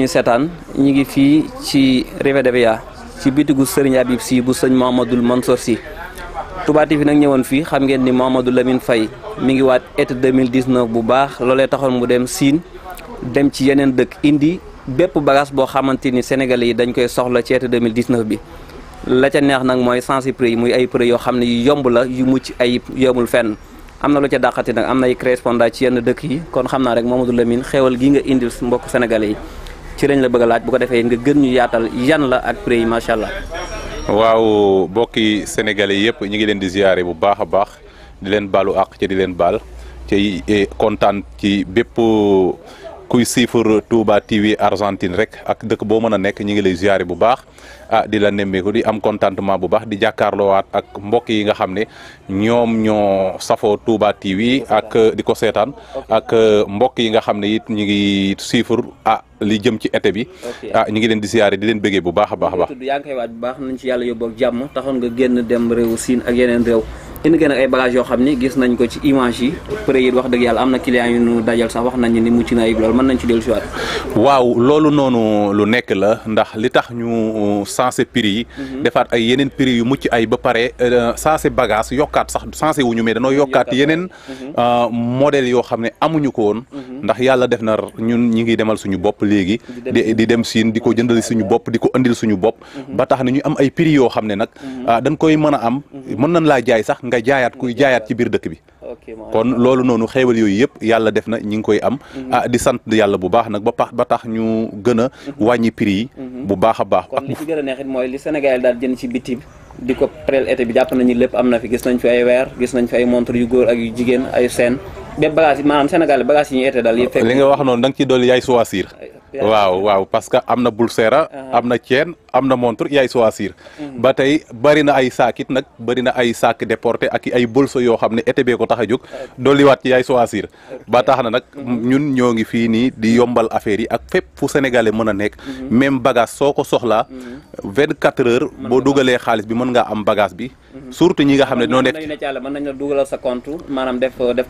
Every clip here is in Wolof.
ñuy seetaan ñu ngi fii ci Rivadavia ci bitigu Serigne Habib Sy bu sëñ Mouhamadoul Mansour Sy Touba TV nag ñëwoon fii xam ngeen ni Mouhamadou Lamine Faye mi ngi waat été 2019 bu baax loolee taxoon mu dem Siin dem ci yeneen dëkk indi bépp bagage boo xamante ni Sénégalais yi dañ koy soxla ci été 2019 bi la neex nag mooy sans prix yi muy ay prix yoo xam ne yomb la yu mucc ay yomul fenn am na lu ca dàqati nag am na ay correspondant ci yenn dëkk yi kon xam naa rek Mouhamadou Lamine xéewal gi nga indil mbokk Sénégalais yi ci lañ la bëgg laaj bu ko defee nga gën ñu yaatal yan la ak prix yi macha allah. waaw mbokki sénégalais yëpp ñu ngi leen di ziare bu baax a baax di leen baalu àq ci di leen baal ci eh, kontaan ci bépp. kuy siifar Touba TV Argentine rek ak dëkk boo mën a nekk ñu ngi lay ziare bu baax a ah, di la nemmeeku di am contentement bu baax di jàkkaarloowaat ak mbokk yi nga xam ne ñoom ñoo safoo Touba TV ak eh, di ko seetaan ak eh, mbokk yi nga xam ne it ñu ngi siifar ah li jëm ci été bi. ah ñu leen di ziare di leen bëggee bu baax a baax a baax. tudd yaa ngi koy waaj bu ak nga génn dem réewu Siin ak yeneen réew. indi ngeen ay bagages yoo xam ni gis nañ ko ci image yi prix wax dëgg yàlla am na client yu nu dajal sax wax nañ ni mucc na ayib loolu mën si waat waaw loolu noonu lu nekk la ndax li tax ñu euh, sensé prix yi mhm. defaat ay yeneen prix yu mucc ay ba pare euh, sensé bagage yokkaat sax sensé wuñu mais danoo yokkaat yeneen mhm. euh, modèle yoo xam ne amuñu ko woon mhm. ndax yàlla def na ñun ñi ngi demal suñu bopp léegi di dem siin di ko jëndal suñu bopp di ko andil suñu bopp ba tax na ñu am ay prix yoo xam ne nag ah, dañ koy mën a am mën nañ laa jaay sax nga jaayaat kuy jaayaat ci biir dëkk bi kon loolu noonu xéewal yooyu yëpp yàlla def na ñi ngi koy am mhm. ah di sant yàlla bu baax nag ba pax ba tax ñu gën a mhm. wàññi yi mhm. bu baax a baax kon li ci gën a neexit mooy li lépp am na fi gis nañ fi ay weer gis nañ fi ay montre yu góor ak yu jigéen ay seen bépp bagage yi maanaam Sénégal bagage yi ñu été daal yëpp li wax noonu da nga ci dolli yaay suwaasiir waaw waaw parce que am na Bulsera uh-huh. am na Thiène am na montre yaay choisir mm-hmm. ba tey bari na ay saakit nag bari na ay saak déporté ak ay bolso yoo xam ne été bee ko tax a jóg dolliwaat ci yaay choisir ba tax na nag mm-hmm. ñun ñoo ngi fii nii di yombal affaire yi ak fépp fu sénégalais mën a nekk mm-hmm. même bagage soo ko soxlaa vingt quatre heures boo dugalee xaalis bi mën ngaa am bagage bi surtout ñi nga xam ne ñoo nekk mën nañ la dugalal sa compte maanaam def def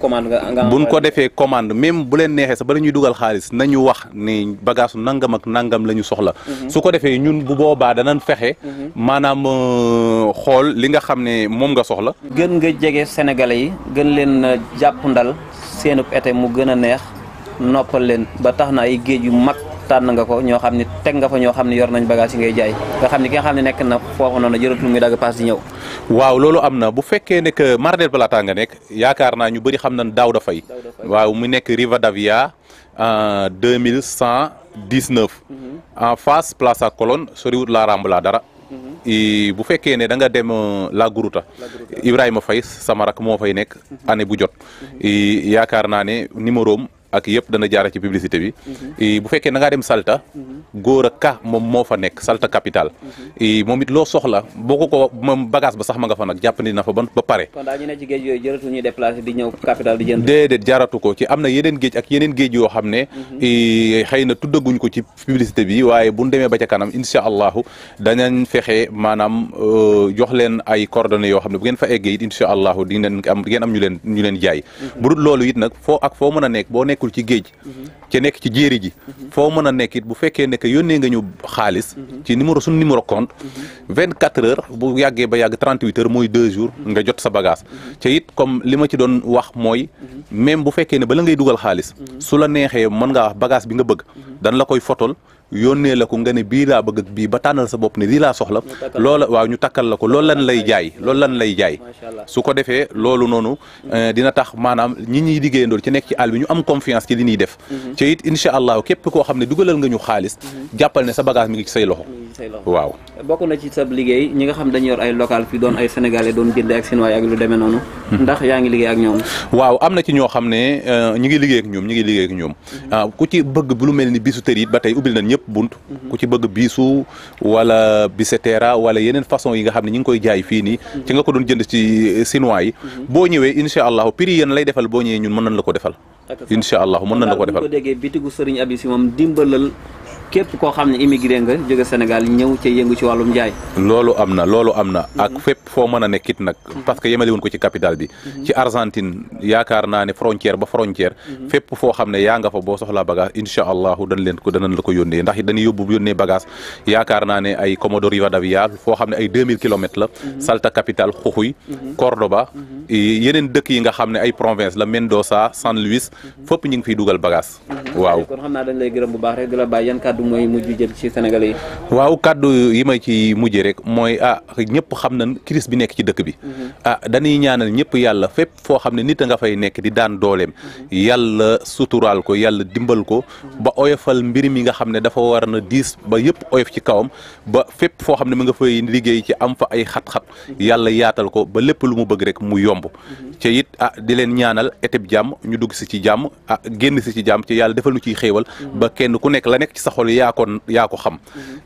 ko defee commande même bu leen neexee sax ba la ñuy dugal xaalis nañu wax ni bagage nangam ak nangam la ñu soxla mhm. su ko defee ñun bu boobaa danañ fexe mhm. maanaam euh, xool li nga xam ne moom nga soxla mhm. gën nga jege Sénégalais yi gën leen jàpp ndal seenub été mu gën a neex noppal leen ba tax na ay géej yu mag tànn nga ko ñoo xam ne teg nga fa ñoo xam ne yor nañ bagage yi ngay jaay nga xam ne ki nga xam ne nekk na foofu noonu jëratul muy dagg paas di ñëw waaw loolu am na bu fekkee ne que Plata nga nekk yaakaar naa ñu bëri xam nañ Daouda Faye waaw mu nekk Rivadavia en 2119 mhm. en face place à Colonne soriwut la Rambla dara mhm. bu fekkee ne da nga dem euh, La Gourouta Ibrahima fay sama rak moo fay nekk mhm. année bu jot yaakaar naa ne numéro ak yëpp dana jaara ci publicité bi mhm. bu fekkee da dem Salta mhm. góor a ka moom moo fa nekk Salta capital mhm. moom it loo soxla boo ko ko moom bagage ba sax ma nga fa nag jàppandi na fa ban ba pare kon daal ne ci géej yooyu jëratu ñuy déplacé di ñëw capital di jënd déedéet jaaratu ko ci am na yeneen géej ak yeneen géej yoo xam ne xëy na tuddaguñ ko ci publicité bi waaye buñ demee ba ca kanam incha allahu danañ fexe maanaam euh, jox leen ay coordonnées yoo xam ne bu ngeen fa eggee it incha allahu di ngeen am di ngeen am ñu leen ñu leen jaay bu dul loolu nag foo ak foo mën nekk nekkul ci géej ci nekk ci jéeri ji foo mën a nekk it bu fekkee nekk yónnee nga ñu xaalis ci numéro suñu numéro compte vingt quatre heures bu yàggee ba yàgg trente huit heures mooy deux jours nga jot sa bagage te it comme li ma ci doon wax mooy même bu fekkee ne bala ngay dugal xaalis su la neexee mën nga wax bagage bi nga bëgg dan la koy fotol yónnee la ko nga ne bii laa bëgg bii ba tànnal sa bopp ne lii laa soxla loola waaw ñu takkal la ko loolu lan lay jaay loolu lan lay jaay su ko defee loolu noonu euh, dina tax maanaam ñi ñuy liggéeyandool ci nekk ci àll bi ñu am confiance ci li ñuy def ci mhm. it incha allah képp koo xam ne dugalal nga ñu xaalis mhm. jàppal ne sa bagage mi ngi ci say loxo mhm. say loxo waaw bokk na ci sab liggéey ñi nga xam dañu yor ay local fi doon ay sénégalais doon jënd ak sinwaay ak lu demee noonu hmm. ndax yaa ngi liggéey ak ñoom waaw am na ci ñoo xam ne euh, ñi ngi liggéey ak ñoom ngi liggéey ak ñoom hmm. ah, ku ci bëgg bu lu mel ni bisu tëri it ba tey ubbil nañ ñëpp bunt hmm. ku ci bëgg bisu wala bisetera wala yeneen façon yi xam ne ñi ngi koy jaay fii nii ci nga ko doon jënd ci euh, sinwaay yi boo ñëwee insha allahu prix yéen lay defal boo ñëwee ñun mën nañ la ko defal insha allahu mën nañ la ko defal képp koo xam ne immigré nga jóge Sénégal loolu am na loolu am na. Mhm. ak fépp foo mën a nekkit nag. Mhm. parce que yemale wuñ ko ci capitale bi. Mhm. ci Argentine yaakaar naa ne frontière ba frontière. fépp foo xam ne yaa nga fa boo soxlaa bagage incha allahu dañ leen ko danañ la ko yónnee ndax dañuy yóbbu yónnee bagage yaakaar naa ne ay Comodoro Rivadavia foo xam ne ay 2000 kilomètres la. Salta capitale Jujuy. Cordoba yeneen dëkk yi nga xam ne ay province la Mendoza San Luis. fop ñu ngi fiy dugal bagage. waaw kàddu mooy mujj ci Sénégalais yi. waaw kàddu yi may ci mujj rek mooy a ah, ñëpp xam nañ crise bi nekk ci dëkk bi. Mhm. ah dañuy ñaanal ñëpp yàlla fépp foo xam ne nit a nga fay nekk di daan dooleem. Mhm. yàlla suturaal ko yàlla dimbal ko. Mhm. ba oyofal mbir mi nga xam ne dafa war na diis ba yëpp oyof ci kawam ba fépp foo xam ne mu nga fay liggéey ci am fa ay xat-xat yàlla yaatal ko ba lépp lu mu bëgg rek mu yomb. te it ah di leen ñaanal étab jàmm ñu dugg si ci jàmm ah génn si ci jàmm ci loolu yaa ko yaa xam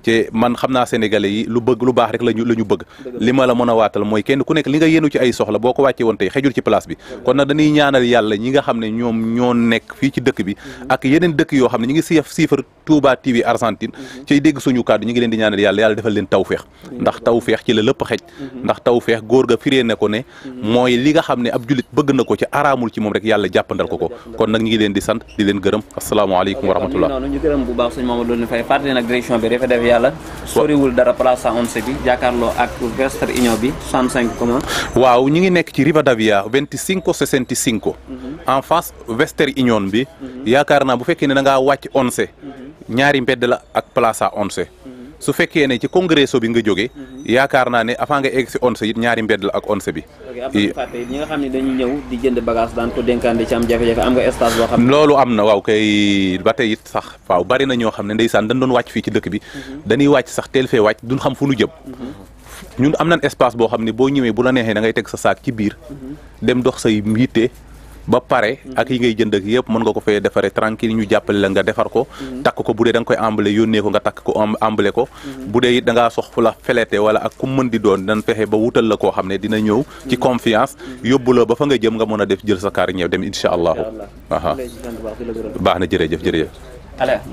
ci mm-hmm. man xam naa sénégalais yi lu bëgg lu baax rek lañu la ñu bëgg li ma la mën a waatal mooy kenn ku nekk li nga yéenu ci ay soxla boo ko wàccee woon tey xejul ci place bi kon nag dañuy ñaanal yàlla ñi nga ne ñoom ñoo nekk fii ci dëkk bi mm-hmm. ak yeneen dëkk yoo xam ne ñi ngi siif siifar Touba TV Argentine mm-hmm. ciy dégg suñu kàddu ñi ngi leen di ñaanal yàlla yàlla defal leen tawfeex ndax tawfeex ci la lépp xej ndax tawfeex góor ga firee ne ko ne mooy li nga xam ne ab julit bëgg na ko ci araamul ci moom rek yàlla jàppandal ko ko kon nag ñi ngi leen di sant di leen gërëm asalaamaaleykum wa rahmatullah Ndoundou Faye fàttali nag direction bi refe def yàlla soriwul dara bi jàkkaarloo ak Western Union bi 65 comment waaw ñu ngi nekk ci Rivadavia 25 65 mhm. en face Western Union bi mhm. yaakaar naa bu fekkee ne da ngaa wàcc onze mhm. ñaari mbedd ak place onze su fekkee ne ci congresso bi nga jógee mhm. yaakaar naa ne avant nga egg si onse it ñaari mbedd la ak onse bi ñi nga xam ne dañuy ñëw di jënd bagage daan ko dénkaande ci am jafe-jafe am nga stage boo xam ne am na waaw kay ba tey it sax waaw bari na ñoo xam ne saan dañ doon wàcc fii ci dëkk bi mhm. dañuy wàcc sax teel fee wàcc duñ xam fu nu jëm mhm. ñun am nañ espace boo xam ne boo ñëwee bu la neexee da teg sa saak ci biir dem dox say yitte ba pare ak yi ngay jënd ak yëpp mën nga ko fay defaree tranquille ñu jàppale la nga defar ko mhm. takk ko bu dee da nga koy emballé yónnee ko nga takk ko emballé ko mhm. bu dee it da ngaa sox fu la felete wala ak ku mën di doon dan fexe ba wutal la koo xam ne dina ñëw ci mhm. confiance yóbbu ba fa nga jëm nga mën a def jël sa kaar ñëw dem incha allahu baax na jëre jëf jërëjëf jërëjëf